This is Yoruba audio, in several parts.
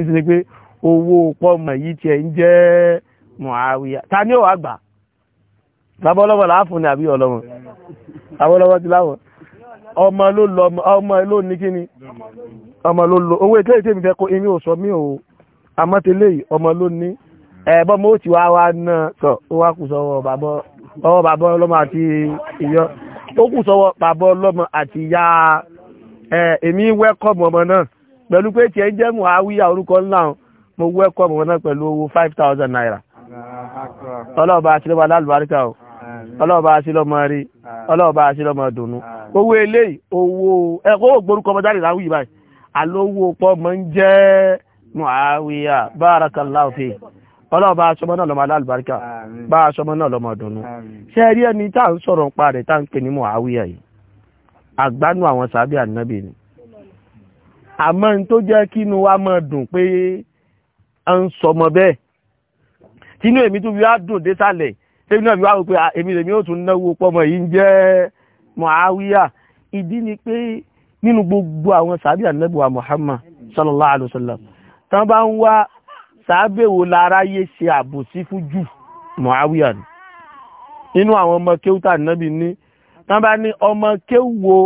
sí ni pé owó pọ́mọ yìí tiẹ̀ ń jẹ́ Muawiya ta ni ó wà gbà lábọ́lọ́wọ́ láàfún ni àbí ọlọ́wọ́ lábọ́lọ́wọ́ ti láwọ̀ ọmọ ló lọ ọmọ ló ní kíni ọmọ ló lọ owó ìtẹ́lẹ̀ tí mi fẹ́ kó inú ò sọ mí ò amọ́tẹ́lẹ̀ ọmọ ló ní ẹ̀bọ́ mo ti wá wá náà sọ ó wá kù sọ́wọ́ bàbọ́ ọwọ́ bàbọ́ ọlọ́mọ àti ìyọ́ ó kù sọ́wọ́ bàbọ́ ọlọ́mọ àti ìyá èmi wẹ́kọ̀mù ọmọ náà pẹ̀lú pé tiẹ̀ ń jẹ́ Muawiya orúkọ ńlá mo wẹ́kọ̀ mọ̀ náà pẹ̀lú owó five thousand naira ọlọ́ọ̀bá àṣìlọ́mọ alálùbáríkà o ọlọ́ọ̀bá àṣìlọ́mọ rí ọlọ́ọ̀bá àṣìlọ́mọ dùnú owó eléyìí owó ẹ̀kọ́ ògbórúkọ ọmọ jáde láwùí báyìí àlówó pọ̀ mọ́ ń jẹ́ Muawiya barakallahu fi ọlọ́ọ̀bá aṣọmọ náà lọ́mọ alálùbáríkà bá aṣọmọ náà lọ́mọ dùnú ṣe rí ẹni tá à ń sọ̀rọ̀ ń pa rẹ̀ tá à ń pè ní Muawiya yìí àgbánú àwọn sàbí ànábì ni àmọ́ n tó jẹ́ kínú wa máa dùn pé a ń sọmọ bẹ́ẹ̀ tínú èmi tó fi wá dùn désàlẹ̀ tẹ́bí náà fi wá wò pé èmi lèmi ò tún náwó pọ́mọ yìí ń jẹ́ mọ̀háwíyà ìdí ni pé nínú gbogbo àwọn sàbí ànábùwà Muhammad sallallahu alaihi wasallam tán bá ń wá sàbẹ̀wò láráyé ṣe àbòsí fún jù mọ̀háwíyà nínú àwọn ọmọ kéwútà nábì ní tán bá ní ọmọ kéwúwo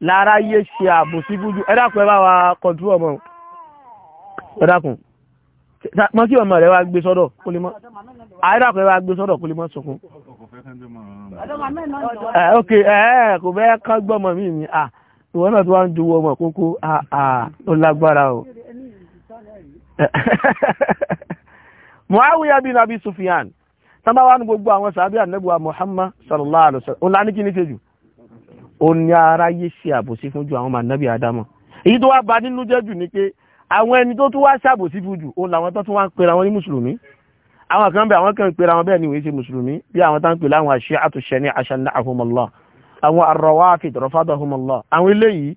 lára yé ṣe àbòsí bújú ẹ dákun ẹ wa kọjú ọmọ ẹ dákun mọ́ kí ọmọ rẹ̀ wá gbé sọ́dọ̀ kó lè mọ́ àìdàkọ̀ ah, rẹ̀ wá gbé sọ́dọ̀ kó lè mọ́ sọkún ah, ok ẹ̀ẹ́ kò bẹ́ kán gbọ́mọ̀ mí ní à ah, ìwọ́n náà tó wá ń ju ọmọ kókó àà ó lágbára o Muawiya bin Abi Sufyan tán bá wá ní gbogbo àwọn sàábí Muhammad sallallahu alaihi wasallam ó ní aráyé ṣe àbòsí fún ju àwọn mànábì àdámọ̀ èyí tó wá bà nínú jẹ́ jù ni pé àwọn ẹni tó tún wá ṣàbòsí fún jù òun làwọn tó tún wá ń pera wọn ní mùsùlùmí àwọn kan bẹ àwọn kan ń pera wọn bẹ́ẹ̀ ni wọ́n ṣe mùsùlùmí bí àwọn tá ń pè láwọn àṣẹ àtúnṣe ní àṣàlá àhùmọ̀lá àwọn ar-Rawafid rọ́fàdà àhùmọ̀lá àwọn eléyìí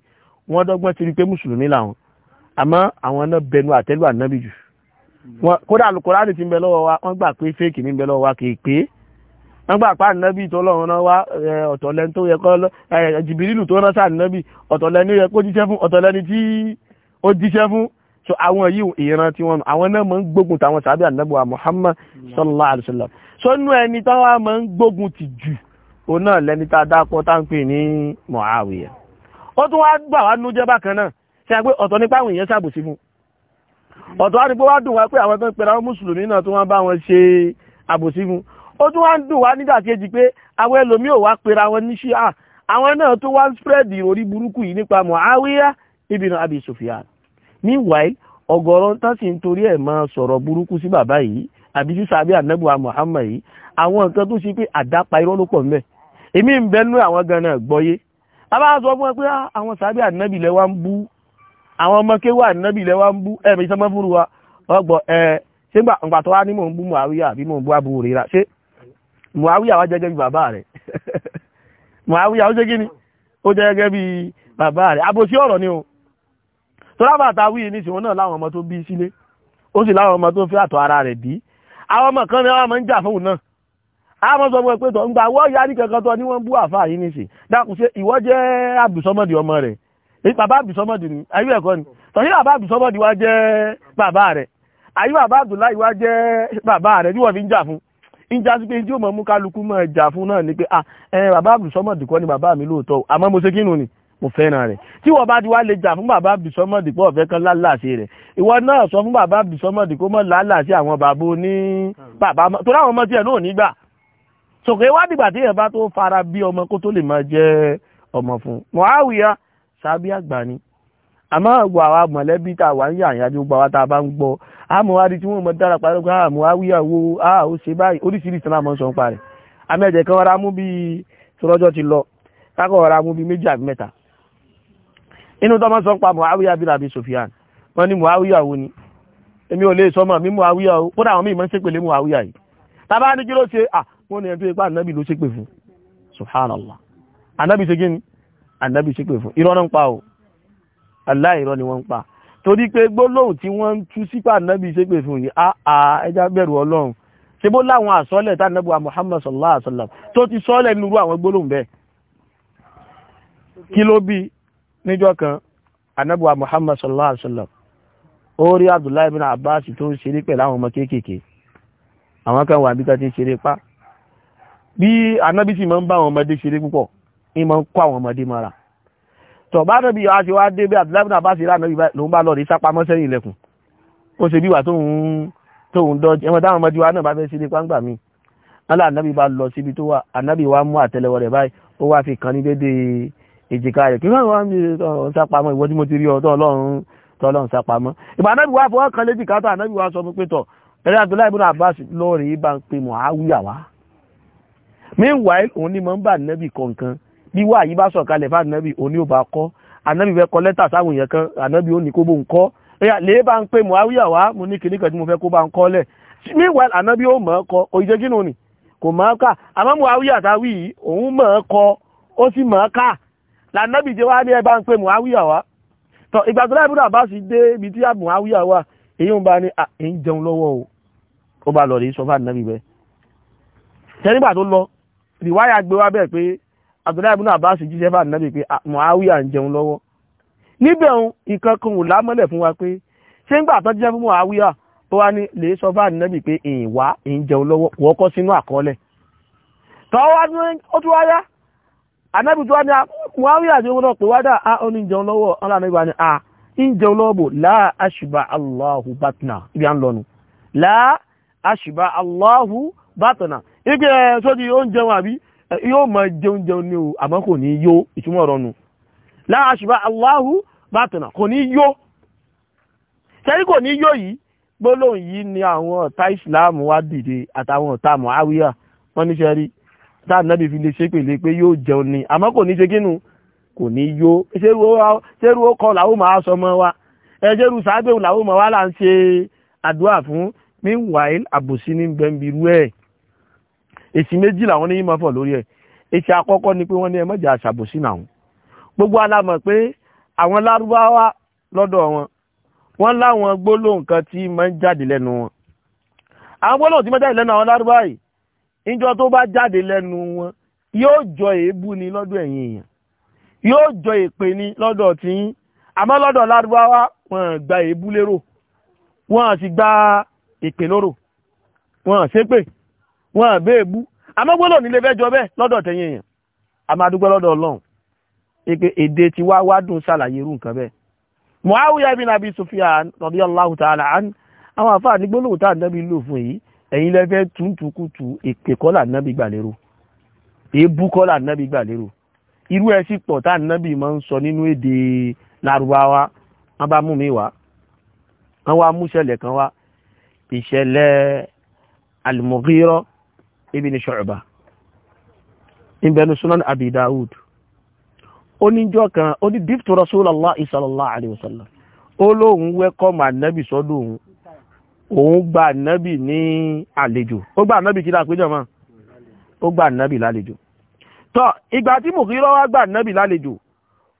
wọ́n dọ́gbọ́n ti rí pé mùsùlùmí làwọn àmọ́ àwọn náà bẹnu àtẹ́lù ànábì kódà al ti ń bẹ lọ́wọ́ wa wọ́n gbà pé fẹ́ẹ̀kì ń bẹ lọ́wọ́ wa kì í pé nígbà pa ànábì tó lọ́run náà wá ọ̀tọ̀lẹ́ni tó yẹ kọ́ jìbìrìlù tó rán sànábì ọ̀tọ̀lẹ́ni ó yẹ kó jíṣẹ́ fún ọ̀tọ̀lẹ́ni tí ó jíṣẹ́ fún so àwọn yìí ìran tí wọn àwọn náà máa ń gbógun tàwọn sàbí ànábì wa Muhammad sallallahu alaihi wasallam so nú ẹni táwọn máa ń gbógun ti jù ó náà lẹni tá a dákọ́ tá ń pè ní Muawiya ó tún wá gbà wá pera mùsùlùmí náà tó wọ́n bá wọn ó tún wá ń dùn wá nígbà kejì pé àwọn ẹlòmíì ò wá pera wọn ní ṣíà àwọn náà tún wá ń spread ìròrí burúkú yìí nípa Muawiya ibn Abi Sufyan meanwhile ọ̀gọ̀rọ̀ tán sì ń torí ẹ̀ máa sọ̀rọ̀ burúkú sí bàbá yìí àbí sí sàbí ànẹ́bùwà Muhammad yìí àwọn nǹkan tó ṣe pé àdápa irọ́ ló pọ̀ mẹ́ èmi ń bẹnu àwọn gan náà gbọ́yé bàbá sọ fún ẹ pé ah, àwọn sàbí ànẹ́bì lẹ wá ń bú àwọn ọmọ kéwà ànẹ́bì lẹ wá ń bú ẹ̀mí sọmọ fúru wa ọgbọ ẹ ṣé ń gbà ń gbà tó wá ní mò ń bú Muawiya àbí mò ń bú Abu Hurairah ṣé muawiya wá jẹ́gẹ́ bí bàbá rẹ̀ muawiya ó jẹ́ gíní ó jẹ́gẹ́ bí bàbá rẹ̀ àbòsí ọ̀rọ̀ ni o tó lábà ta wí ní ìsìnwọ́n náà láwọn ọmọ tó bí sílé ó sì láwọn ọmọ tó ń fẹ́ àtọ̀ ara rẹ̀ bí àwọn ọmọ kan ni wọ́n ń bú àfáà yìí nìsín dákun ṣe ìwọ jẹ́ àbùsọ́mọ́dì ọmọ rẹ̀ bàbá àbùsọ́mọ́dì ni ayé ẹ̀kọ́ ni tọ́jú bàbá àbùsọ́mọ́dì wá jẹ́ bàbá ń jà fún ìjà sí pé tí ó mọ̀ mú kálukú mọ̀ ẹ̀jà fún náà ni pé ah ẹ bàbá àbùsọ́mọ̀dì kọ́ ni bàbá mi lóòótọ́ àmọ́ mo ṣe kínú ni mo fẹ́ràn rẹ̀ tí wọ́n bá ti wá lè jà fún bàbá àbùsọ́mọ̀dì pọ̀ ọ̀fẹ́ kan lálàsí rẹ̀ ìwọ náà sọ fún bàbá àbùsọ́mọ̀dì kó mọ̀ lálàsí àwọn bàbá oní bàbá tó láwọn ọmọ tiẹ̀ náà nígbà sòkè wá dìgbà tí èèyàn bá tó fara bí ọmọ kó tó lè máa jẹ́ ọmọ fún Muawiya sábíà gbani àmọ́ àwọ̀ àwa mọ̀lẹ́bí tá a wà ń yà àyájọ́ gbà wá tá a bá ń gbọ́ àmúwárí tí wọ́n mọ̀ dára parí pé àmúwáwíyàwó àó ṣe báyìí oríṣiríṣi náà mọ̀ ń sọ ń parẹ̀ amẹ́jẹ̀ kan rárá mú bí sọ̀rọ̀jọ́ ti lọ kákọ̀ rárá mú bí méjì àbí mẹ́ta inú tọ́mọ́ sọ ń pa Muawiya bin Abi Sufyan wọ́n ní subhanallah ànábì ṣe kí ni aláìrọ́ ni wọ́n ń pa torí pé gbólóhùn tí wọ́n ń tú sípà nábì ṣépè fún yìí àà ẹja bẹ̀rù ọlọ́run ṣe bó láwọn àsọ́lẹ̀ tá nábì Muhammad sallallahu alaihi wasallam tó ti sọ́lẹ̀ nírú àwọn gbólóhùn bẹ́ẹ̀ kí ló bí níjọ́ kan anábì Muhammad sallallahu alaihi wasallam ó rí Abdullahi bin Abbas tó ń ṣeré pẹ̀lú àwọn ọmọ kéékèèké àwọn kan wà bí tó ti ṣeré pa bí anábì sì máa ń bá àwọn ọmọdé ṣeré púpọ̀ ní máa ń kó àwọn ọmọdé mọ́ra tọ̀bá náà bí aṣe wá dé bí àdìlábìnà bá ṣe lánàá ìbá lòun bá lọ rí sápamọ́ sẹ́yìn ilẹ̀kùn ó ṣe bí wà tóun tóun dọ́jú ẹmọ táwọn ọmọdé wa náà bá fẹ́ sí ní pàǹgbà mi ọlá ànábì bá lọ síbi tó wà ànábì wa mú àtẹ́lẹwọ́ rẹ̀ báyìí ó wá fi kan ní dédé èjìká rẹ̀ kí wọ́n wá ń bí sápamọ́ ìwọ tí mo ti rí ọ̀tọ̀ ọlọ́run tọ́lọ́run sápamọ́ ìgbà ànábì wa fọwọ́ kan léjì kátó ànábì wa sọ fún pé tọ̀ ẹ̀rẹ́ àdúrà ìbúra Abbas lọ́ọ̀rẹ́ bá ń pe mọ̀ áwíyà wá. meanwhile òun ni mo ń bá ànábì kọ̀ọ̀kan bí wà yí bá sọ̀kalẹ̀ fún ànábì òní ò bá kọ́ ànábì fẹ́ kọ lẹ́tà sáwọn èèyàn kan ànábì ó ní kó bó ń kọ́ ẹ̀yà lè bá ń pè Muawiya wá mo ní kìnnìkan tí mo fẹ́ kó bá ń kọ́ lẹ̀ meanwhile ànábì ó mọ̀ ọ́ kọ òyìnbó kí ni kò mọ̀ ọ́ kà àmọ́ Muawiya táwí yìí òun mọ̀ ọ́ kọ ó sì mọ̀ ọ́ kà lànàbì jẹ́ wá ní ẹ bá ń pè Muawiya wá tọ ìgbà tó láìpẹ́ wá abdullahi ibn abbas jíṣẹ́ fà nàbì pé ah, muawiya ń jẹun lọ́wọ́ níbẹ̀ òun nǹkan kan ò lámọ́lẹ̀ fún wa pé ṣé ń gbà tán jíṣẹ́ fún muawiya tó wá ní lè sọ fà nàbì pé ìwà ah, ah, ń jẹun lọ́wọ́ wọ́kọ́ sínú àkọọ́lẹ̀ tọ́wọ́ wá anábì tó wá ní muawiya jẹ́ wọn allahu batna ibi ibi ẹ̀ sódi oúnjẹ àbí yóò mọ jẹun jẹun ní o àmọ́ kò ní yó ìtumọ̀ ọ̀rọ̀ nù láàṣùbá aláhù bàtànà kò ní yó sẹ́rí kò ní yó yìí gbólóhùn yìí ni àwọn ọ̀tá ìsìláàmù wá dìde àtàwọn ọ̀tá mọ̀háwíyà wọ́n ní sẹ́rí táà nábì fi lè ṣe pèlè pé yóò jẹun ni àmọ́ kò ní ṣe kínú kò ní yó ṣerú ó kọ làwọn máa sọ mọ́ wa ẹjẹ́rú meanwhile àbòsí ní bẹ́ẹ̀ èsì méjì làwọn oníyìn máa fọ̀ lórí ẹ̀ èsì àkọ́kọ́ ni pé wọ́n ní ẹ mọ̀jà àṣàbòsí náà gbogbo alámọ̀ pé àwọn lárúbáwá lọ́dọ̀ wọn wọ́n láwọn gbólóhùn kan tí máa ń jáde lẹ́nu wọn àwọn gbólóhùn tí máa ń jáde lẹ́nu àwọn lárúbáwá yìí ìjọ tó bá jáde lẹ́nu wọn yóò jọ èébú ni lọ́dọ̀ ẹ̀yin èèyàn yóò jọ èpè ni lọ́dọ̀ tiyín àmọ́ lọ́dọ̀ lárúbáwá wọn gba èébú lérò wọn sì gba èpè lóró wọn ṣépè wọn àbẹ́ èbú amọ́gbọ́lọ̀ nílé fẹ́jọ bẹ́ẹ̀ lọ́dọ̀ tẹ̀yìn èèyàn a máa dúpẹ́ lọ́dọ̀ ọlọ́run pé èdè tí wá wá dùn ṣàlàyé irú nǹkan bẹ́ẹ̀ Muawiya bin Abi Sufyan radiyallahu ta'ala an àwọn àfáà ní gbólóhùn tá ànábì lò fún yìí ẹ̀yin lẹ́fẹ́ túntùkùtù èpè kọ́ là nábì gbà lérò èébú kọ́ là nábì gbà lérò irú ẹ̀ sì pọ̀ tá ànábì máa ń sọ nínú èdè Lárúbáwá wọn bá mú mi wá wọn wá mú ìṣẹ̀lẹ̀ kan wá ìṣẹ̀lẹ̀ al ibn Shu'ba ìbẹ̀nu sunan Abi Dawud ó níjọ́ kan ó ní dìftò Rasulullah sallallahu alaihi wasallam ó lóun wẹ́kọ́ mà nẹ́bì sọ́dọ̀ òun òun gba nẹ́bì ní àlejò ó gba nẹ́bì kí lápéjọ mọ́ ó gba nẹ́bì lálejò tọ́ ìgbà tí mò kí lọ́ wá gba nẹ́bì lálejò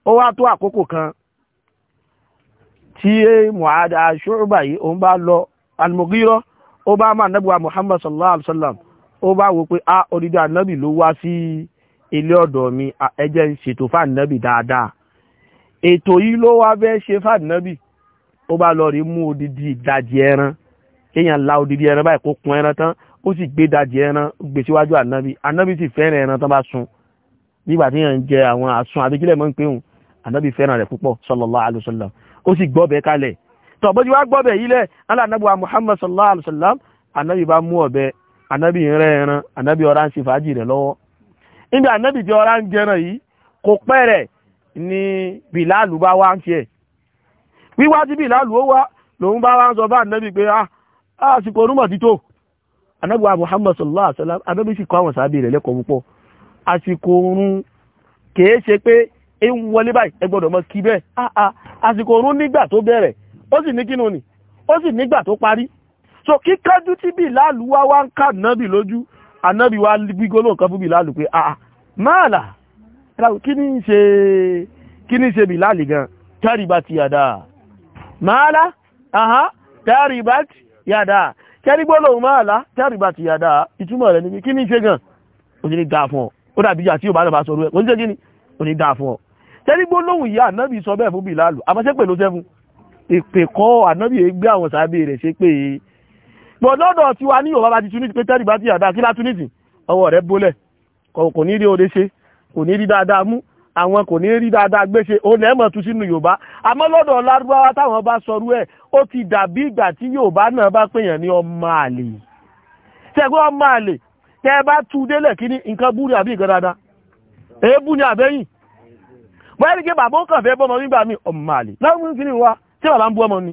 ó wá tó àkókò kan tí Mu'adh Shu'ba yìí òun bá lọ al-Mughira sallallahu alaihi wasallam ó bá wo pé a ah, odidi ànábì ló wá sí ilé ọ̀dọ̀ mi ah, ẹ jẹ́ ń ṣètò fànábì dáadáa ètò yìí ló wá fẹ́ ṣe fànábì ó bá lọ rí mú odidi ìdajì ẹran kéèyàn la odidi ẹran báyìí kó kun ẹran tán ó sì gbé ìdajì ẹran gbé síwájú ànábì ànábì sì fẹ́ràn ẹran tán bá sun nígbà tí yàn ń jẹ àwọn àsun àbíkílẹ̀ mọ́ ń pé hùn ànábì fẹ́ràn rẹ̀ púpọ̀ sallallahu alaihi ó sì gbọ́bẹ̀ kalẹ̀ tọ̀bọ́jú Muhammad sallallahu alaihi wasallam ànábì bá mú anabi ń ẹran ọ̀rá ń ṣe fàájì rẹ̀ lọ́wọ́ níbi ànábì tí ọ̀rá ń yi yìí kò ni bìláàlù bá wá ń tiẹ̀ wíwá tí bìláàlù ó wá lòun bá wá ń sọ bá pé a ah, àsìkò títò wa Muhammad sallallahu alaihi wasallam ànábì sì kọ́ àwọn rẹ̀ lẹ́kọ̀ọ́ púpọ̀ àsìkò kìí ṣe pé ẹ ń wọlé báyìí ẹ mọ kí bẹ́ẹ̀ ah, ah, àsìkò nígbà tó bẹ̀rẹ̀ ó sì ní ni ó so kíkájú tí bìláàlù wá wá ń ká nábì lójú ànábì wá gbígbóló nǹkan fún bìláàlù pé àà ah, ah, máàlà kí ní ṣe kí ní ṣe bìláàlì gan tẹ́rìbá ti yàdá máàlá àhá tẹ́rìbá ti yàdá kẹ́rígbóló máàlá tẹ́rìbá ti yàdá ìtumọ̀ rẹ̀ ni kí ní ṣe gan ó ti ní dáa fún ọ ó dàbí ìyá tí ò bá lọ́ba sọ rú ẹ̀ ìpèkọ́ ànábì gbé àwọn sàábì rẹ̀ ṣe pé pọ̀lọ́dọ̀ tí wa ní Yorùbá bá ti túnítì pé tẹ́rì bá ti yàdá kí lá túnítì ọwọ́ rẹ̀ bólẹ̀ kò ní rí oore ṣe kò ní rí dáadáa mú àwọn kò ní rí dáadáa gbéṣe ó lẹ́mọ̀ tún sínú Yorùbá àmọ́ lọ́dọ̀ lárúbáwá táwọn bá sọrú ẹ̀ ó ti dàbí ìgbà tí Yorùbá náà bá pèèyàn ní ọmọ àlè tẹ́gbẹ́ ọmọ àlè tẹ́ bá tú délẹ̀ kí ní nǹkan búrú àbí nǹkan dáadáa èébú ni àbẹ́yìn wọ́n rí kí bàbá ó kàn fẹ́ bọ́mọ nígbà mí ọmọ àlè láwọn kí ni wa tí bàbá ń bú ọmọ ni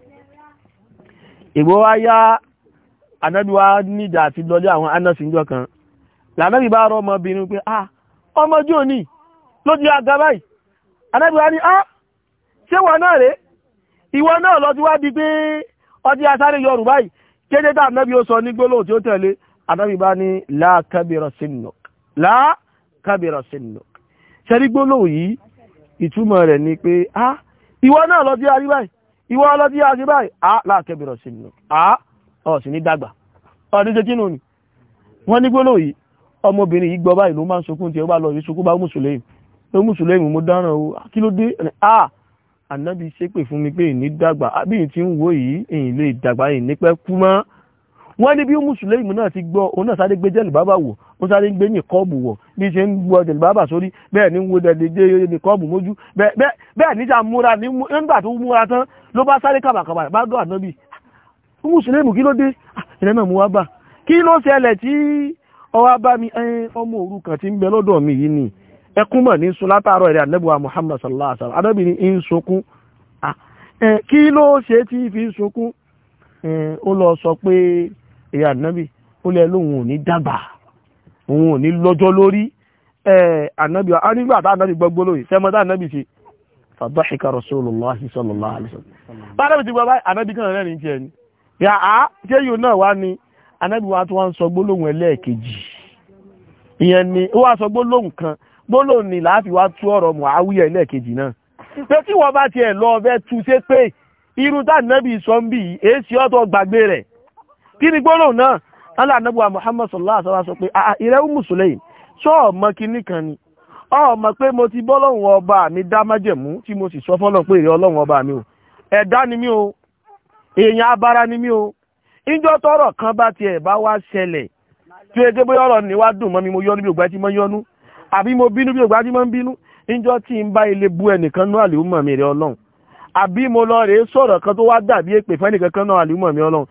ìgbó wá yá anábíwá níjà àti lọlé àwọn anásíjọ kan lànàbí bá rọ ọmọbìnrin pé ah ọmọjú òní ló jẹ́ àga báyìí ní ah ṣé wà náà rèé ìwọ náà lọ ti wá di pé ọdí asáré yọrù báyìí kéde tá ànábì ó sọ ní gbólóhùn tí ó tẹ̀lé ànábì bá ah ìwọ náà lọ ti wá báyìí ìwọ ọlọ́tí yá sí báyìí a láàkẹ́bẹ̀rọ̀ sí nù a ọ̀sì ní dàgbà ọdún ṣe kínú ni wọ́n ní gbóló yìí ọmọbìnrin yìí gbọ́ báyìí ló máa ń sọkún tí ó bá lọ yìí sọkún bá mùsùlẹ́yìn ló mùsùlẹ́yìn mo dáràn o kí ló dé a ànábi ṣépè fún mi wọ́n ní bí mùsùlùmí náà ti gbọ́ òun náà sáré gbé jẹ̀lìbábà wọ̀ ó sáré gbé ní kọ́ọ̀bù wọ̀ bí ṣe ń wọ jẹ̀lìbábà sórí bẹ́ẹ̀ ni wo dẹ̀lẹ̀ ní kọ́ọ̀bù mójú bẹ́ẹ̀ níjà múra nígbà tó múra tán ló bá sáré kàbàkàbà bá dọ̀ ànábì mùsùlùmí kí ló dé ah, ìrẹ́ náà mú wá Muhammad sallallahu alaihi wasallam ànábì ní ń sunkún ah, kí ló ṣe tí fi ń sunkún ó lọ sọ pé èyí ànábì ó lẹ lóun ò ní dábàá òun ò ní lọ́jọ́ lórí ànábì arígbà tá ànábì gbọ́gbó lóyè sẹ́mọ́ tá ànábì ṣe fàbáṣíkà rasulullahi sallallahu alaihi wasallam bá ànábì ti gbọ́ báyìí ànábì kan rẹ̀ ní tiẹ̀ ni yà á ṣé yóò náà wá ni ànábì wa tó wá ń sọ gbólóhùn ẹlẹ́ẹ̀kejì ìyẹn ni ó wá sọ gbólóhùn kan gbólóhùn ni láàfi wá tú ọ̀rọ̀ Muawiya ẹlẹ́ẹ̀kejì náà pé tí wọ́n bá tiẹ̀ lọ ọbẹ̀ tu ṣe pé irú tá ànábì sọ ń bì èsì ọ̀tọ̀ gbàgbé rẹ̀ kí ni gbọ́nà náà alánàbùwà Muhammad sallallahu alaihi wasallam sọ pé ìrẹ́ Ummu sọ ọmọ kìíní kan ni ọmọ pé mo ti bọ́ ọba mi dá májẹ̀mú tí mo sì sọ fọ́lọ́ pé ìrẹ́ ọba mi o ẹ̀dá ni mí o èèyàn abara ni o ìjọ tọrọ kan bá tiẹ̀ bá wá ṣẹlẹ̀ tí o bóyá ọ̀rọ̀ ni wá dùn mọ́ mi mo yọnu bí ògbà tí mo yọnu àbí mo bínú bí ògbà tí mo ń bínú ìjọ lọ rèé sọ̀rọ̀ kan tó wá dàbí èpè náà mi ọlọ́run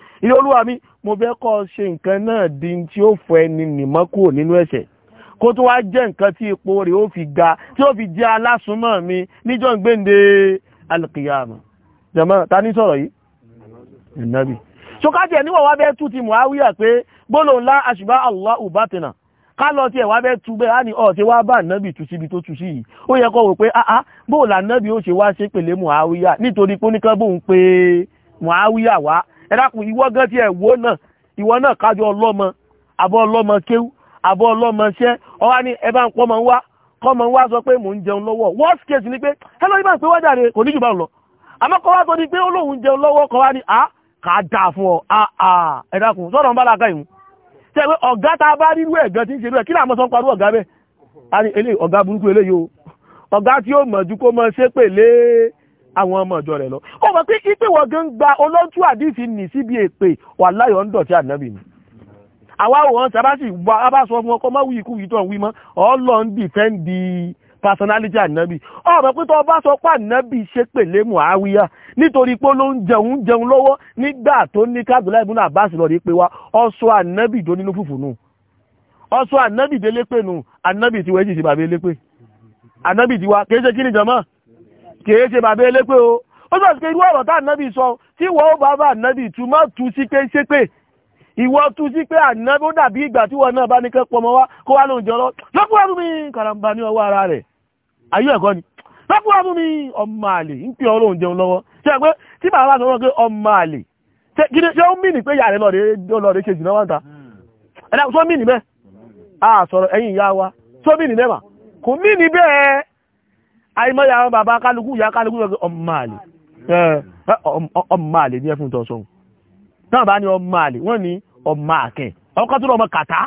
ilé mo fẹ́ kọ́ ṣe nǹkan náà di tí ó fọ ẹni nìmọ́ kúrò nínú ẹ̀ṣẹ̀ kó tó wá jẹ́ nǹkan tí ipò rẹ̀ ó fi ga tí ó fi jẹ́ alásùnmọ̀ mi níjọ́ gbéǹde alìkìyàmù jẹ̀mọ́ ta ní sọ̀rọ̀ yìí ìnábì ṣókájì ẹ̀ níwọ̀ wá bẹ́ẹ̀ tú ti Muawiya pé gbólò ńlá àṣìbá allah ubatina ká lọ tí ẹ̀ wá bẹ́ẹ̀ tú bẹ́ẹ̀ á ní ọ̀tí wá bá nábì tú síbi tó tú sí yìí ó yẹ kó wò pé áá bóòlà nábì ó ṣe wá ṣe pèlé Muawiya nítorí póníkan bóun pé Muawiya wá ẹ dákun ìwọ gan ti ẹ̀ wò náà ìwọ náà kájọ ọlọ́mọ àbọ̀ ọlọ́mọ kéwú àbọ̀ ọlọ́mọ iṣẹ́ ọwá ní ẹ bá ń pọ́ mọ́ ń wá kọ́ ń wá sọ pé mò ń jẹun lọ́wọ́ worst case ni pé ẹ lọ́ọ́ ibà ń pé wọ́n jáde kò ní jù bá ń lọ àmọ́ kọ́ wá sọ ni pé ó lóun jẹun lọ́wọ́ kọ́ wá ní à kà á dà fún ọ ẹ sọ́dọ̀ ń bá láàká ìhun tẹ́ pé ọ̀gá tá a bá rírú ẹ̀ gan ti ń ṣe rú ẹ̀ kí làmọ́ sọ ń parú ọ̀gá bẹ́ẹ̀ ọ̀gá burúkú eléyìí o ọ̀gá tí ó mọ̀jú kó mọ ṣépè lé àwọn ọmọ ìjọ rẹ̀ lọ ó mọ̀ pé ipe wọ̀ gan gba olójú àdìsí nì síbi èpè wà láyọ̀ ń dọ̀tí ànábì ni àwa ò hàn sábà sì wá a fún ọkọ má wí yìí tó ń wí mọ́ ọlọ́ ń dìfẹ́ǹdì personality ànábì ó mọ̀ pé tó o bá sọ pé ànábì ṣe pèlè mù àwíyá nítorí pé ló ń jẹun jẹun lọ́wọ́ nígbà tó ní kábílẹ̀ ìbúnà àbáṣe lọ́ọ́ rí pé wa ọ̀ṣọ́ ànábì tó nínú fùfù nù ọ̀ṣọ́ ànábì délépè nù ànábì tí wọ́n jì sí bàbá kìí ṣe bàbá elépè o ó sọ sí pé irú ọ̀rọ̀ tá ànábì sọ tí ìwọ ó bá bá ànábì tú má tú sí pé ṣépè ìwọ tú sí pé ànábì ó dàbí ìgbà tí wọn náà bá ní kẹ́ pọmọ wá kó wá ara rẹ̀ ayé ẹ̀kọ́ ni lọ́pọ̀ ẹrú mi ọmọ àlè ń pè jẹun lọ́wọ́ pé tí sọ wọn pé ọmọ àlè kí ni ṣé ó mìnì pé yàrá ṣe wọn ta ẹ̀dá sọ mìnì àìmọ́yà àwọn bàbá kálukú ìyá kálukú ọmọàlè ní ẹfún tọ́ sọ́hun náà bá ní ọmọàlè wọ́n ní ọmọ àkẹ́ ọkọ́ tó lọ́mọ kàtá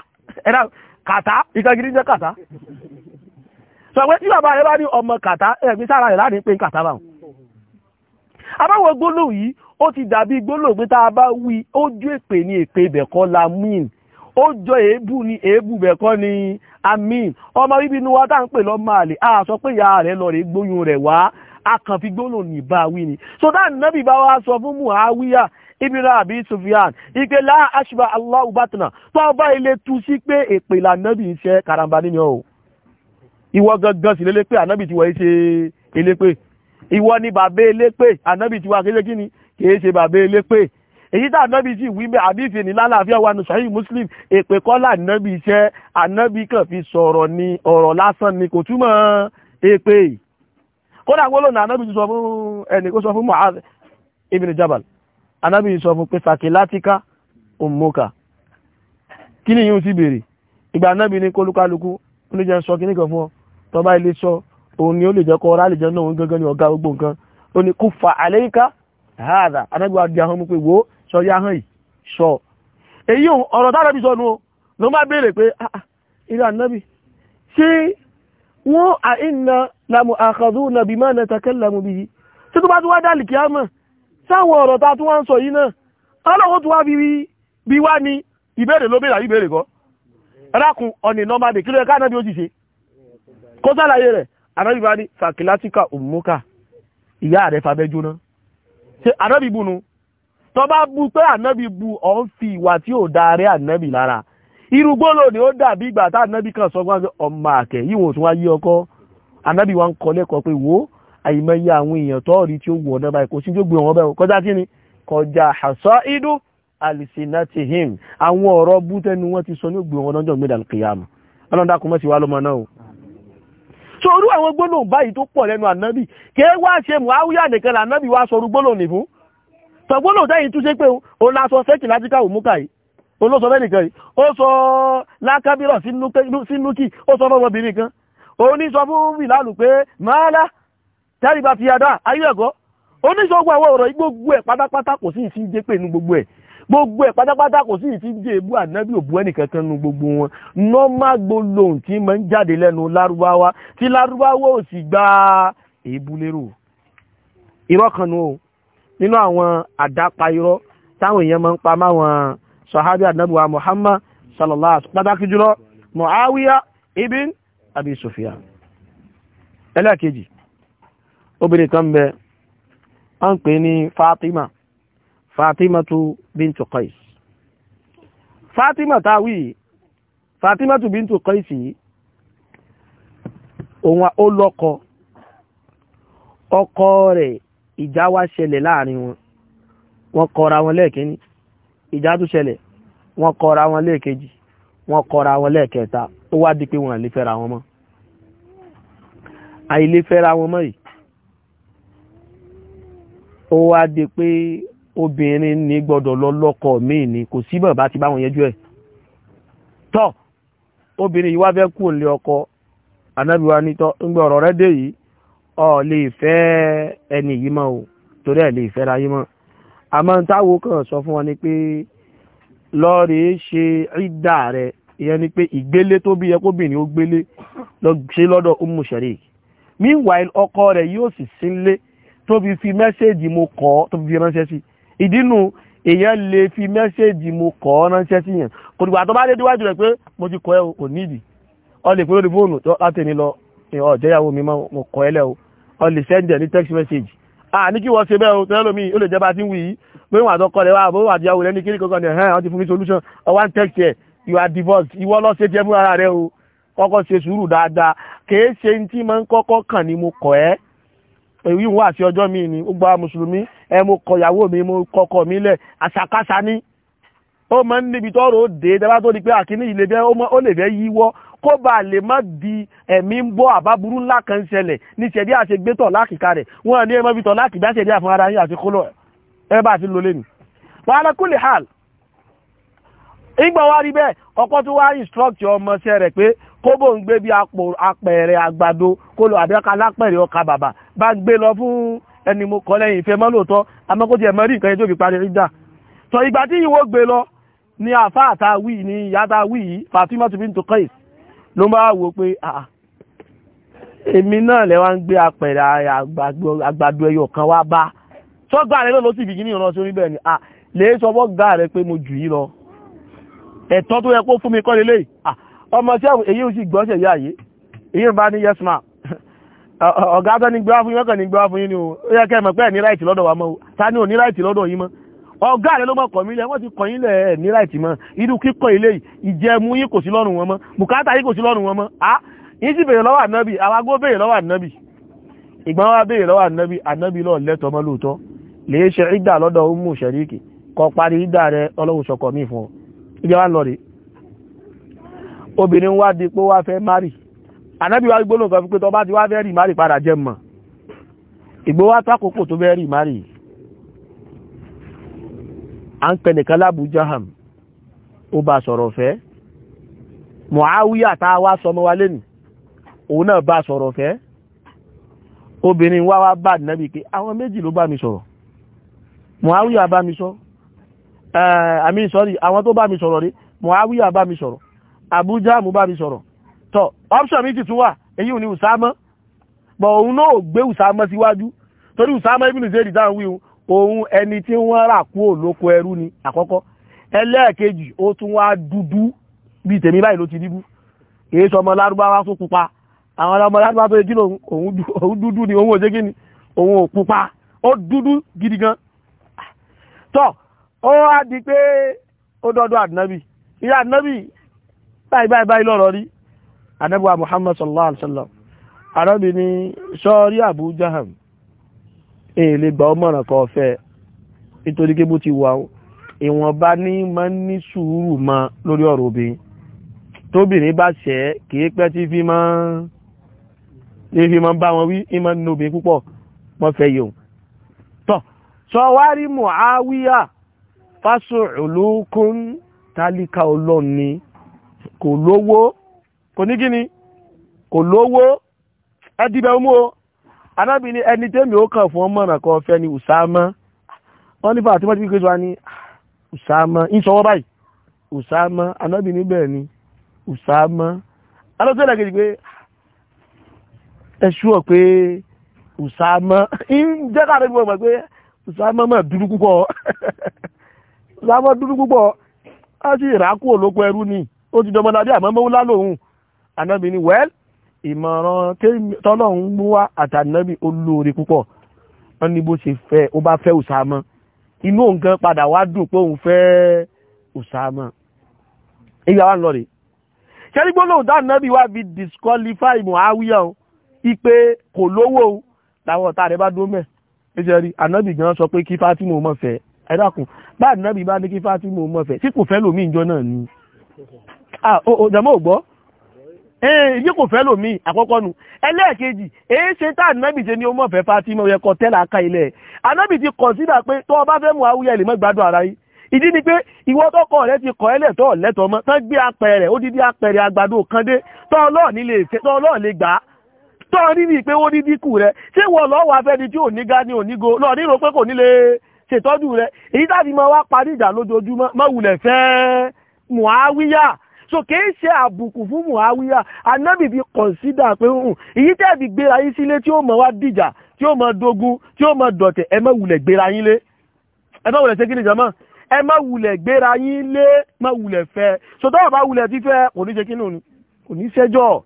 ẹ̀dá kàtá ìkagiri jẹ́ kàtá sọ pé tí bàbá rẹ bá ní ọmọ kàtá ẹ̀gbí sára rẹ̀ láàrin pé ń kàtá báwọn abáwọ̀ gbólóhùn yìí ó ti dàbí gbólóhùn pé tá a bá wí ó jú èpè ní èpè ibẹ̀kọ́ la míìn ó jọ èébù ni èébù bẹ̀ kọ́ ni amin ọmọ bíbí inú wa tá ń pè lọ máa lè a sọ pé ìyá rẹ̀ lọ rè gbóyún rẹ̀ wá a fi gbóhùn ní bá wí ni so dáà nábì bá wa sọ fún Muawiya ibn abi sufyan ike la ashba allah batna tó bá ilé tú sí pé èpè la nabi ṣe karamba ni o ìwọ gangan sì lele pé anabi ti wa ṣe elepe ìwọ ni babe elepe anabi ti wa kese kini ke ṣe babe èyí tá ànábì sì wí bẹ́ẹ̀ àdìsí ní lálàáfíà wa nù sahih muslim èpè kọ́lá ànábì iṣẹ́ ànábì kan fi sọ̀rọ̀ ni ọ̀rọ̀ lásán ni kò túmọ̀ èpè kódà gbólóhùn ànábì sọ fún ẹnì kó sọ fún Mu'adh ibn Jabal ànábì sọ fún pé sakilatika ummuka kí ni yóò ti béèrè ìgbà ànábì ní kólúkálukú ó lè jẹ́ sọ kíní kan fún ọ tọ́ba ilé sọ òun ni ó lè jẹ́ kọ́ ọ̀rá lè jẹ́ náà òun gangan ni ọ̀gá gbogbo nǹkan ó ní kúfà àlẹ́yíká hàdà anábíwá di ahọ́n mú pé wo sọ yá hàn yìí sọ èyí ọ̀rọ̀ tánàbí sọ nù ló má béèrè pé ilé ah, ah, ànábì ṣé wọ́n àìnà lamu àkàzú nàbí máa nà takẹ́ lamu bí yìí tí tó bá tún wá dálì kí á mọ̀ sáwọn ọ̀rọ̀ ta tún wá ń sọ yìí náà ọlọ́wọ́ tún wá fi bí wá ní ìbéèrè ló béèrè àbí kọ́ ẹlákùn ọ̀nì nọ́màdì kí ló ẹ̀ká náà ó ti ṣe kó sálàyé rẹ̀ ànábì bá ní fàkìlátìkà òmùmúkà ìyá rẹ̀ fàbẹ́jóná ṣe ànábì bùnú tó bá bu pé ànábì bu ọ̀ ń fi ìwà tí ò da ànábì lára irúgbólò ni ó dàbí ìgbà tá ànábì kan sọ fún ọmọ àkẹ́ yíwọ̀n tún wá yí ọkọ́ ànábì wa ń kọ lẹ́kọ̀ọ́ pé wò ó àìmọye àwọn èèyàn tọ́ọ̀rí tí ó wù ọ̀nà báyìí kò sí tó gbé wọn bẹ́ẹ̀ kọjá kí ni kọjá àṣọ idú alisinatihim àwọn ọ̀rọ̀ bútẹ́nu wọn ti sọ ní ògbé wọn lọ́jọ́ mẹ́dà kìyàmù ọlọ́dàkùnmọ́ sí wá lọ́mọ náà o orú àwọn gbólóhùn báyìí tó pọ̀ lẹ́nu ànábì kí wá ṣe mùáwíyà nìkan lànábì wá sọ orú gbólóhùn nìfún sọ̀gbọ́n náà tẹ́yìn túnṣe pé o lásọ sẹ́kì lájíká òmúkà yìí olóso mẹ́nìkan yìí ó sọ lákábírọ̀ sínú kí ó sọ ọmọbìnrin kan ó ní sọ fún bìlálù pé máàlá tẹ́rìbà fi yàdá ayé ẹ̀kọ́ ó ní sọ gbogbo àwọn ọ̀rọ̀ gbogbo ẹ̀ pátápátá kò sí ìfi jẹ́ pé nu gbogbo ẹ̀ gbogbo ẹ̀ pátápátá kò sí ìfi jẹ́ ebú ànábì òbú ẹnìkankan nu gbogbo wọn nọ́mà gbólóhùn tí máa ń jáde lẹ́nu lárúbáwá tí lárúbáwá nínú àwọn àdápa irọ́ táwọn èèyàn ma ń pa máwọn sọ̀hábí àdínábùwà Muhammad sallallahu pàtàkì jùlọ Muawiya ibn Abi Sufyan ẹlẹ́ẹ̀kejì obìnrin kan bẹ a pè ní Fatima Fatimatu bintu Qais Fatima táwí Fatimatu bintu Qais ó lọ́kọ ọkọ rẹ̀ ìjà wá ṣẹlẹ̀ láàrin wọn wọ́n kọra wọn lẹ́ẹ̀kíní ìjà tún ṣẹlẹ̀ wọ́n kọra wọn lẹ́ẹ̀kejì wọ́n kọra wọn lẹ́ẹ̀kẹta ó wá di pé wọn lè fẹ́ra wọn mọ́ àìlè fẹ́ra wọn mọ́ yìí ó wá di pé obìnrin ní gbọ́dọ̀ lọ lọ́kọ míì ni kò sí bàbá ti bá wọn yẹjú ẹ̀ tọ́ obìnrin yìí wá fẹ́ kú òǹlẹ̀ ọkọ anábìwá nítọ́ ń gbọ́ ọ̀rọ̀ rẹ dé yìí ọ lè fẹ́ ẹni yìí mọ́ o torí ẹ̀ lè fẹ́ra yìí mọ́ àmọ́ táwo kan sọ fún wọn ni pé lọ́ọ̀rẹ́ ṣe ìdá rẹ̀ ìyẹn ni pé ìgbélé tó bí yẹ kóbìnrin ó gbélé lọ ṣe lọ́dọ̀ Ummu Sharik meanwhile ọkọ rẹ̀ yóò sì sínlé tó fi fi mẹ́sẹ̀jì mo kọ́ tó fi fi ránṣẹ́ sí ìdínú èèyàn lè fi mẹ́sẹ̀jì mo kọ́ ránṣẹ́ sí yẹn kò dìgbà tó bá dé díwájú rẹ̀ pé mo ti kọ́ ẹ kò nídìí ọ lè pé lórí fóònù látẹ̀ni lọ ìwọ̀n ọ̀jẹ́yàwó mi mọ́ mo kọ́ ẹlẹ́ o ọ lè sẹ́ndẹ̀ ní text message ah ní kí wọ́n ṣe bẹ́ẹ̀ o tẹ́lẹ̀ lómi ó lè jẹ́ bá ti ń wì í pé wọ́n àtọkọ rẹ̀ wá àbó àdìyàwó rẹ̀ ní kí nìkan ẹ̀hán wọ́n fún mi solution ọwá ń text ẹ̀ you are divorced ìwọ lọ ṣe tiẹ̀ fún ara rẹ o kọ́kọ́ ṣe sùúrù dáadáa kèé ṣe ní tí máa ń kọ́kọ́ kàn ní mo kọ̀ ẹ́ èyí wà sí ọjọ́ mi ni gbogbo àwọn mùsùlùmí ẹ mo kọ ìyàwó mi mo kọkọ mi lẹ̀ àṣàkáṣà ni ó máa ń níbi tọ́rọ̀ ó dábàá tó di pé àkíní ìlébẹ́ ó lè fẹ́ yíwọ́ kó ba lè má di ẹ̀mí ń bọ́ àbábúrú ńlá kan ṣẹlẹ̀ ní ṣẹ̀dí àṣegbétọ̀ lákìíká rẹ̀ wọ́n ní ẹmọ́ bitọ̀ lákìí bá ṣẹ̀dí àfún ara yìí àti kólọ̀ ẹbá àti lólé nì wa ala kulli hal ìgbà wá rí bẹ́ẹ̀ ọkọ tó wá instruct ọmọṣẹ́ rẹ̀ pé kó bò ń gbé bí apẹ̀rẹ̀ àgbàdo kó lọ àbẹ́ka lápẹ̀rẹ̀ ọkà bàbà bá ń gbé lọ fún ẹni mo kọ́ lẹ́yìn ìfẹ́ mọ́ lóòótọ́ àmọ́ kó tiẹ̀ mọ́ rí nǹkan yẹn tó fi ni àfáà ta ni ìyá ta wí yìí ló bá wò pé ah, ah, èmi náà lẹ́wà ń gbé apẹ̀rẹ̀ àgbàdo ẹyọ kan wá bá sọ́gbà rẹ̀ ló sì bìkí ní ìran sórí bẹ́ẹ̀ ni à ah, lè sọ bọ́ gà rẹ̀ pé mo jù yí lọ ẹ̀tọ́ tó yẹ kó fún mi kọ́ yes ma ọ̀gá tó ní gbé wá fún yín mọ́kàn ní gbé wá fún yín ni ó yẹ kẹ́ mọ̀ pé ẹ̀ ní ráìtì lọ́dọ̀ wa mọ́ ta ni ò ní ráìtì lọ́dọ̀ yín mọ́ ọ̀gá rẹ̀ ló mọ̀ kọ̀ mí lẹ̀ wọ́n ti kọ̀ yín ní láìtì mọ́ irú kíkọ̀ ilé ìjẹmú yín kò sí lọ́rùn wọn mọ́ bùkátà yín kò sí lọ́rùn wọn mọ́ a yín sì béèrè lọ́wọ́ ànábì àwọn agbó lọ́wọ́ ànábì ìgbọ́n wa béèrè lọ́wọ́ ànábì ànábì lọ lẹ́tọ̀ mọ́ lóòótọ́ umu kọ parí rẹ ọlọ́run mí fún ọ wa lọ rè obìnrin mari ànábì wa fi pé tọ́ bá ti mari padà jẹ́ mọ̀ tó àkókò tó fẹ́ rì mari a ń pẹnìkan lábù jaham ó bá sọ̀rọ̀ fẹ́ Muawiya tá a wá sọmọ wa lẹ́nu òun náà bá sọ̀rọ̀ fẹ́ obìnrin wá wá bá nàbì pé àwọn méjì ló bá mi sọ̀rọ̀ Muawiya bá mi sọ àmì sọ́rí àwọn tó bá mi sọ̀rọ̀ rí Muawiya bá mi sọ̀rọ̀ Abu bá mi sọ̀rọ̀ tọ́ option méjì tún wà èyí ò ní Usama bọ̀ òun náà gbé Usama síwájú torí Usama ibn Zayd dáhùn òun ẹni tí wọ́n rà kúrò lóko ẹrú ni àkọ́kọ́ ẹlẹ́ẹ̀kejì ó tún wá dúdú bíi tèmi báyìí ló ti díbú èyí sọ ọmọ lárúbáwá tó pupa àwọn ọmọ lárúbáwá tó jí òun dúdú ni òun ò ṣe kíni òun ò pupa ó dúdú gidi gan tọ́ ó wá di pé ó dọ́dọ̀ àdínábì ilé àdínábì báyìí báyìí báyìí lọ́rọ̀ rí ànábì wa Muhammad sallallahu alaihi wasallam ànábì ni sọ́ọ́rí Abu Jaham èyí lè gba ọmọràn kan ọ̀fẹ́ nítorí pé bó ti wà ìwọ̀nba ní máa ń ní sùúrù mọ lórí ọ̀rọ̀ obìnrin tóbìnrin bá ṣẹ̀ kìí pẹ́ tí fi máa ń fi máa ń bá wọn wí ìmọ̀ nínú obìnrin púpọ̀ wọ́n fẹ́ yòó tọ́ sọwárí Muawiya fásùlùkún tálíkà ọlọ́ni kò lówó kò ní kíni kò lówó ẹdíbẹ̀ ọmọ anábì ní ẹni o ó kàn fún ọmọ ọ̀nà kan ni Usama wọ́n nípa àti mọ́tí ah, Usama ń sọ wọ́n Usama anábì ní Usama alọ́sẹ̀ ìdàkejì pé ẹṣú ọ̀ pé Usama ń jẹ́ káàdé bí wọ́n Usama ma dúdú púpọ̀ Usama dúdú púpọ̀ á sì ẹrú ni ó ti dọmọdé àmọ́ mọ́wúlá lòun anábì ìmọ̀ràn tọ́lọ́run mú wá àtànábì olóore púpọ̀ wọ́n ní bó ṣe fẹ́ ó bá fẹ́ Usama inú nǹkan padà wá dùn pé òun fẹ́ Usama ìgbà wà ń lọ rè ṣẹ́rígbónà dánábì wá fi disqualify Muawiya o ipe kò lówó o làwọn ọ̀tá rẹ̀ bá dún mẹ́ ẹ̀ṣẹ̀ rí ànábì gan sọ pé kí Fátímù mọ̀ fẹ́ ẹ dákun bá ànábì bá ní kí Fátímù mọ̀ fẹ́ tí kò fẹ́ lòmí ìjọ náà ni. ah o jẹ́ mọ́ ò gbọ́ Eh, èyí kò fẹ́ lòmí àkọ́kọ́ nu ẹlẹ́ẹ̀kejì èyí ṣe tá ànábì ṣe ni ó mọ̀ fẹ́ Fatima ó yẹ kó tẹ́lá aka ilẹ̀ ànábì ti consider pé tó o bá fẹ́ Muawiya lè mọ́ gbádùn ara yìí ìdí ni pé ìwọ tọkọ rẹ ti kọ ẹlẹ́tọ̀ lẹ́tọ̀ ọmọ tán gbé apẹ̀rẹ̀ odidi apẹ̀rẹ̀ àgbàdo kan dé tọ́ ọlọ́ọ̀ lè gbà á tọ́ rí ní ìpé ó ní díkù rẹ̀ ṣé wọ́n lọ́ wà fẹ́ni tí ò ní ga ní nílé so kìí ṣe àbùkù fún muhawiya anábì fi kọ̀nsídà pé hùn èyí tẹ́ẹ̀bì gbéra yín sílé tí ó mọ̀ wá dìjà tí ó mọ̀ dogun tí ó mọ̀ dọ̀tẹ̀ ẹ má wulẹ̀ gbéra yín lé ẹ má ṣe kí ni jàmá ẹ má gbéra yín lé má fẹ́ so tọ́wọ́ bá wulẹ̀ ti fẹ́ kò ní ṣe kí ni kò ní ṣẹ́jọ́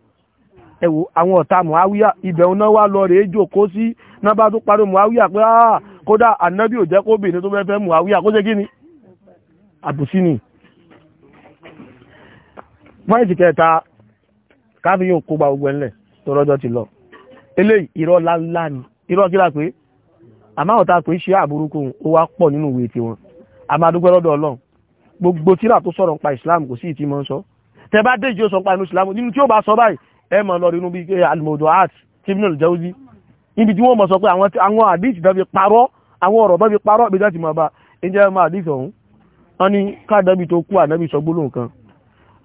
ẹ wo àwọn ọ̀tá muhawiya ibẹ̀ náà wá lọ rèé jòkó sí náà bá tó parí muhawiya pé kódà anábì ò jẹ́ kóbìnrin tó fẹ́ fẹ́ muhawiya kó ṣe kí ni àbùsí ni fọ́ìsì kẹta káfí yóò kó gba ogun ẹ̀lẹ̀ tó rọ́jọ́ ti lọ eléyìí irọ́ láńlá ni irọ́ kí la pé àmáhùn ta pé ṣe àbúrúkú ó wá pọ̀ nínú ìwé tiwọn a máa lọ́dọ̀ ọlọ́run gbogbo tíra tó sọ̀rọ̀ pa islam kò sí ìtì mọ́ ń sọ tẹ bá dé ìjọ sọ pa inú islam nínú tí ó bá sọ báyìí ẹ mọ̀ lọ nínú bí alimodo art tí bí náà jẹ́wọ́sí ibi tí wọ́n mọ̀ sọ pé àwọn àdìsí tó fi parọ́ àwọn ọ̀rọ̀ tó fi parọ́ ìgbésẹ̀ ti mọ̀ bá ẹ jẹ́ mọ́ àdìsí ọ̀hún wọn ni káàdàbí tó kú àdàbí sọ gbólóhùn kan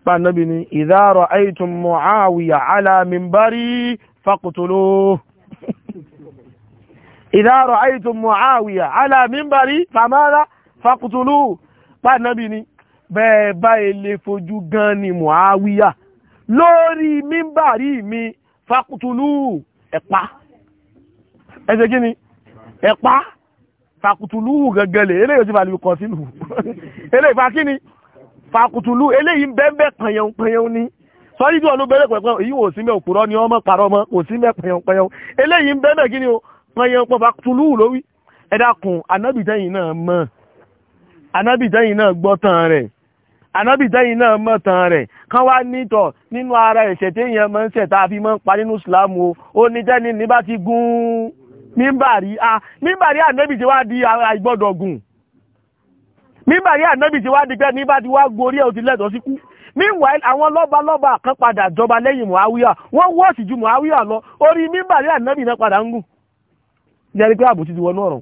pàdánàbì ni idha ra'aytum Mu'awiya ala minbari faqtuluhu idha ra'aytum Mu'awiya ala minbari famada faqtuluhu pàdánàbì ni bẹ́ẹ̀ bá ilé fojú gan ni Mu'awiya lórí minbari mi faqtuluhu ẹ̀pá ẹ̀sẹ̀ kí ni ẹ̀pá faqtuluhu gẹ́gẹ́ fàkùtùlù eléyìí bẹ́ẹ̀ pẹ̀yẹun pẹ̀yẹun ni sọ́yí bí ọlú bẹ́ẹ̀ pẹ̀yẹun èyí wò sí mẹ́ òpùrọ́ ni ọmọ parọ́ mọ́ kò sí mẹ́ pẹ̀yẹun pẹ̀yẹun eléyìí kí ni o pẹ̀yẹun pọ̀ fàkùtùlù lówí ẹ dákun anábìtẹ́yìn náà mọ̀ anábìtẹ́yìn náà gbọ́ tán rẹ̀ anábìtẹ́yìn náà mọ̀ tán rẹ̀ kán wá nítọ̀ nínú ara ẹ̀ṣẹ̀ téèyàn máa o ó ní jẹ́ni ní bá ah mímbàrí ànábì ti wá di nígbà yí ànábì ti wá di pẹ ní ti wá gorí ẹ̀ ò ti síkú. sí kú meanwhile àwọn lọ́balọ́ba kan padà jọba lẹ́yìn muawiya wọ́n wọ́ọ̀sì ju muawiya lọ orí nígbà yí ànábì náà padà ń gùn yẹni pé àbòsí ti wọnú ọ̀rọ̀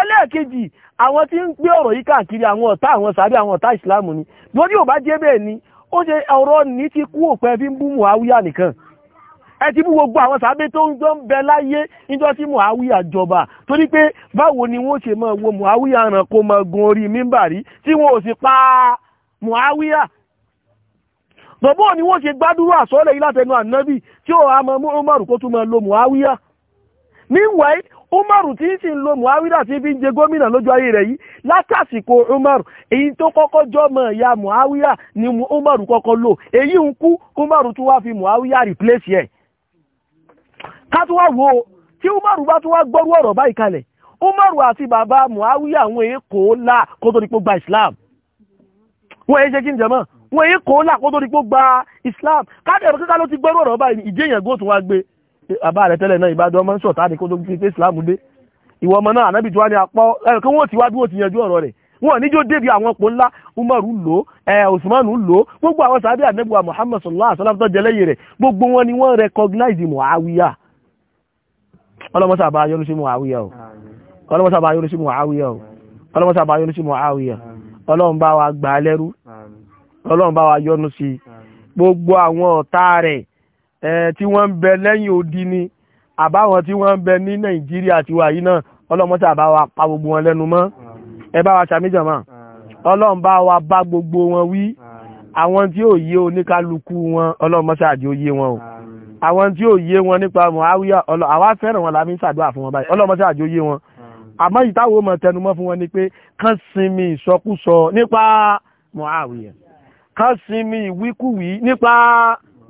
ẹlẹ́ẹ̀kejì àwọn tí ń gbé ọ̀rọ̀ yìí káàkiri àwọn ni lórí ò bá jẹ́ ni ó ṣe ọ̀rọ̀ ní ti kú òpin ẹ ti bú gbogbo àwọn sàábé tó ń jọ ń bẹ láyé níjọ́ tí muhawiya jọba torí pé báwo ni wọ́n ṣe máa wo muhawiya ràn kó máa gun orí mímbàrí tí wọ́n ò sì pa muhawiya bọ̀bọ́ ni wọ́n ṣe gbádúró àsọ́lẹ̀ yìí látẹnu ànábì tí ó àmọ́ umaru kó tún máa lo muhawiya níwáyé umaru tí sì ń lo muhawiya tí fi ń jẹ gómìnà lójú ayé rẹ̀ yìí látàsìkò umaru èyí tó kọ́kọ́ jọmọ ìyá muhawiya ni umaru kọ́kọ́ lò èyí ń kú umaru tún wá fi muhawiya replace ẹ̀ ká tún wá wò ó tí umaru bá tún wá gbọ́rú ọ̀rọ̀ báyìí kalẹ̀ umaru àti bàbá muawiya àwọn èèkó là kó tó di gba islam wọ́n èé ṣe kí n jẹmọ́ wọ́n èèkó là kó tó di gba islam káàdẹ̀ ọ̀rọ̀ kíkà ló ti gbọ́rú ọ̀rọ̀ báyìí ìjéyàn gó tún wá gbé bàbá rẹ̀ tẹ́lẹ̀ náà ìbádọ́ ọmọ ń sọ̀tá ní kó tó fi islam dé ìwọ ọmọ náà ànábì tí wá ní apọ́ ẹ̀rọ kí wọ́n ti wá bí wọ́n ti yanjú ọ̀rọ̀ rẹ̀ wọn ní jó débi àwọn ọ̀pọ̀ ńlá umaru lò ẹ usmanu lò gbogbo àwọn sàbí ànẹ́bùwà muhammad sallallahu alaihi wasallam tó jẹlẹ́yìn rẹ̀ gbogbo wọn ni wọ́n recognize muawiya ọlọ́mọ́sà bá yọ́nú sí Muawiya o ọlọ́mọ́sà bá yọ́nú sí Muawiya o ọlọ́mọ́sà ọlọ́run bá wa gbà á wa yọ́nú sí gbogbo àwọn ọ̀tá rẹ̀ tí wọ́n ń bẹ lẹ́yìn odi ni àbáwọn tí wọ́n ń bẹ ní Nàìjíríà tiwa yìí náà ọlọ́mọ́sà bá wa pa gbogbo wọn lẹ́nu mọ́ ẹ wa ṣàmìjàmá ọlọ́run bá wa bá gbogbo wọn wí àwọn tí ò yé oníkálukú wọn ọlọ́mọ́sà àjòyé wọn o àwọn tí ó yé wọn nípa Muawiya àwa fẹ́ràn wọn láàmì ṣàdúrà fún wọn báyìí ọlọ́mọ sí àjò yé wọn àmọ́ ìtawò mọ̀ tẹnumọ́ fún wọn ni pé kán sinmi ìsọkúsọ nípa Muawiya kán sinmi ìwíkúwí nípa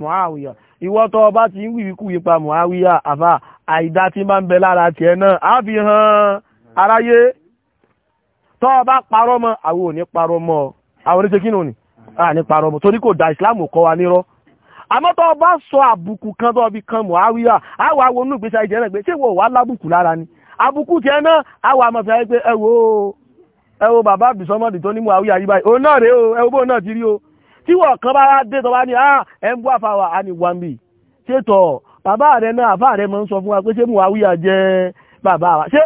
Muawiya ìwọ́ tó bá ti ń wíwíkúwí pa Muawiya àfà àìdá tí máa ń bẹ lára tiẹ̀ náà á fi hàn aráyé tó bá parọ́ mọ́ àwọn ò ní parọ́ mọ́ àwọn oníṣekínú ni à ní parọ́ mọ́ torí kò da ìsìláàmù kọ́ wa nírọ́ àmọ́ tó bá sọ àbùkù kan tó bí kan Muawiya àwọn àwọn onúgbèsè àìjẹ́ náà pé ṣé wọ́n wà lábùkù lára ni àbùkù tiẹ̀ náà àwọn àmọ̀fẹ́ ayé pé ẹ wò ó bàbá àbìsọ́mọ́dì tó ní Muawiya yí báyìí o ẹ wò bóun náà ti rí o tí wọ́n kan bá dé tọ́ bá ní ẹ ń bú àfàwà á ní wàmbì ṣètò bàbá rẹ̀ náà àfà rẹ̀ máa ń sọ fún wa pé ṣé Muawiya jẹ́ bàbá wa ṣé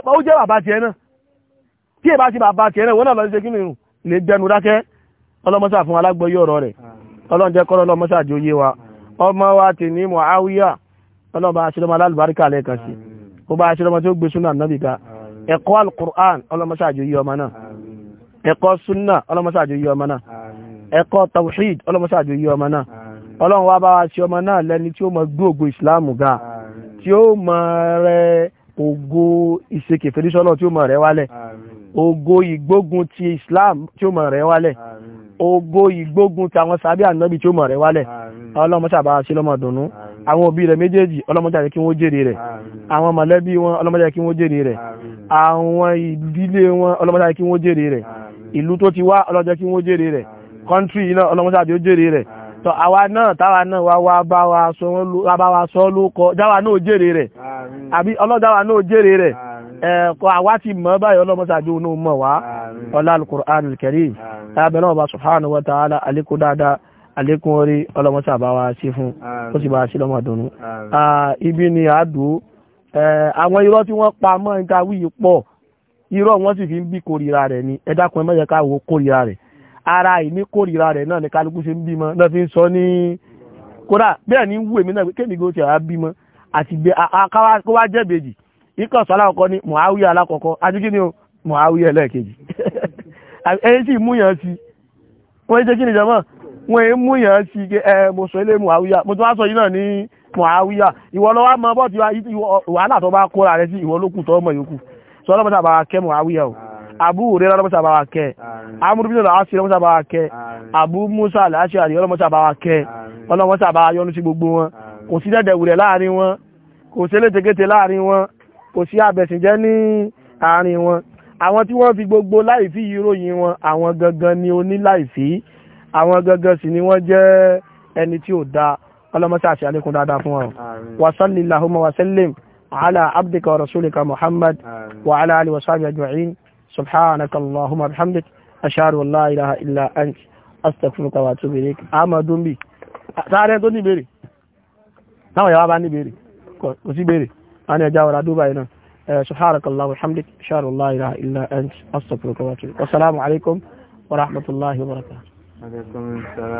ó ọ̀rọ̀ rẹ̀ ọlọ́njẹ́ kọ́rọ́ ọlọ́mọsá àjòyé wa ọmọ wa ti ní Muawiya ọlọ́ba aṣílọ́mọ alálùbáríkà lẹ́ẹ̀kan sí ó bá aṣílọ́mọ tí ó gbé súnà náà bìkà ẹ̀kọ́ alukur'an ọlọ́mọṣáàjò yí ọmọ náà ẹ̀kọ́ súnà ọlọ́mọṣáàjò yí ọmọ náà ẹ̀kọ́ tawhid ọlọ́mọṣáàjò yí ọmọ náà ọlọ́run wá bá wa ṣe ọmọ náà lẹ́ni tí ó mọ gbóògbó ìsìláàmù ga tí ó mọ rẹ ti islam tí ó mọ rẹ wálẹ̀ ògo ìgbógun ti àwọn sàbí ànábì tí ó mọ rẹ wálẹ̀ ọlọ́mọṣà bá ṣe lọ́mọ dùnú àwọn òbí rẹ̀ méjèèjì ọlọ́mọṣà jẹ́ kí wọ́n jèrè rẹ̀ àwọn mọ̀lẹ́bí wọn ọlọ́mọṣà jẹ́ kí wọ́n jèrè rẹ̀ àwọn ìdílé wọn ọlọ́mọṣà jẹ́ kí wọ́n jèrè rẹ̀ ìlú tó ti wá ọlọ́jẹ́ kí wọ́n jèrè rẹ̀ wa sọ lóko jáwa náà jèrè rẹ̀ àbí ọlọ́jáwa náà jèrè rẹ̀ ẹ̀kọ́ àwa ti mọ̀ báyìí ọlọ́mọsájú ní mọ̀ wá ọlá al-Qur'an al-Karim tábẹ̀lọ́wọ́ bá wa ta'ala alikú àlékún orí ọlọ́mọ́sà bá wa sí fún ó sì bá wa sí lọ́mọ dùnú ibi ni àádùn àwọn irọ́ tí wọ́n pa mọ́ níta wíyí pọ̀ irọ́ wọ́n sì fi ń bí kórìíra rẹ̀ ni ẹ dákun ẹ má jẹ́ rẹ̀ ara ìní kórìíra rẹ̀ náà ni kálukú ṣe ń bímọ náà fi ń sọ ní kódà bẹ́ẹ̀ ni wù èmi náà pé kéèmí gòsì àá bímọ àti kó wá jẹ́bejì ikọ̀ sọ alákọ̀ọ́kọ́ ni Muawiya alákọ̀ọ́kọ́ àti kí ni o Muawiya ẹlẹ́ẹ̀kejì ẹ̀yìn sì múyàn sí wọ́n ṣe kí ni jọmọ́ wọn èé mú yàn sí ike ẹ mo sọ ilé muhawiya mo tún wá sọ yìí náà ní muhawiya ìwọ lọ wá mọ bọ́ ti wàhálà tó bá kóra rẹ sí ìwọ lókù tó mọ̀ yòókù sọ lọ́pọ̀ sábà kẹ́ muhawiya o abu rẹ lọ́pọ̀ sábà wà kẹ́ amúrú bí lọ́pọ̀ sí lọ́pọ̀ sábà kẹ́ abu musa aláṣẹ àdìyẹ lọ́pọ̀ sábà wà kẹ́ ọlọ́pọ̀ sábà yọ́nú sí gbogbo wọn kò sí dẹ́dẹ̀ wùrẹ̀ láàrin wọn kò sí elétegéte láàrin wọn kò sí abẹ̀sìnjẹ́ ní àárín wọn àwọn tí wọ́n fi gbogbo láìfí yìí wọn àwọn gangan ni oníláìfí àwọn gangan sì ni wọ́n jẹ́ ẹni tí ó dá ọlọ́mọsá àti àlékún dáadáa fún wọn wa salli Allahumma wa sallim ala abdika wa rasulika Muhammad wa ala alihi wa sahbihi ajma'in subhanaka Allahumma bihamdik ashhadu an la ilaha illa ant astaghfiruka wa atubu ilayk amadu bi sáré tó ní béèrè náà yàwá bá ní béèrè kò sí béèrè a ní ẹjá wàrà dubai náà subhanaka Allahumma wa bihamdik ashhadu an la ilaha illa ant astaghfiruka wa atubu ilayk wassalamu alaikum a comenzar a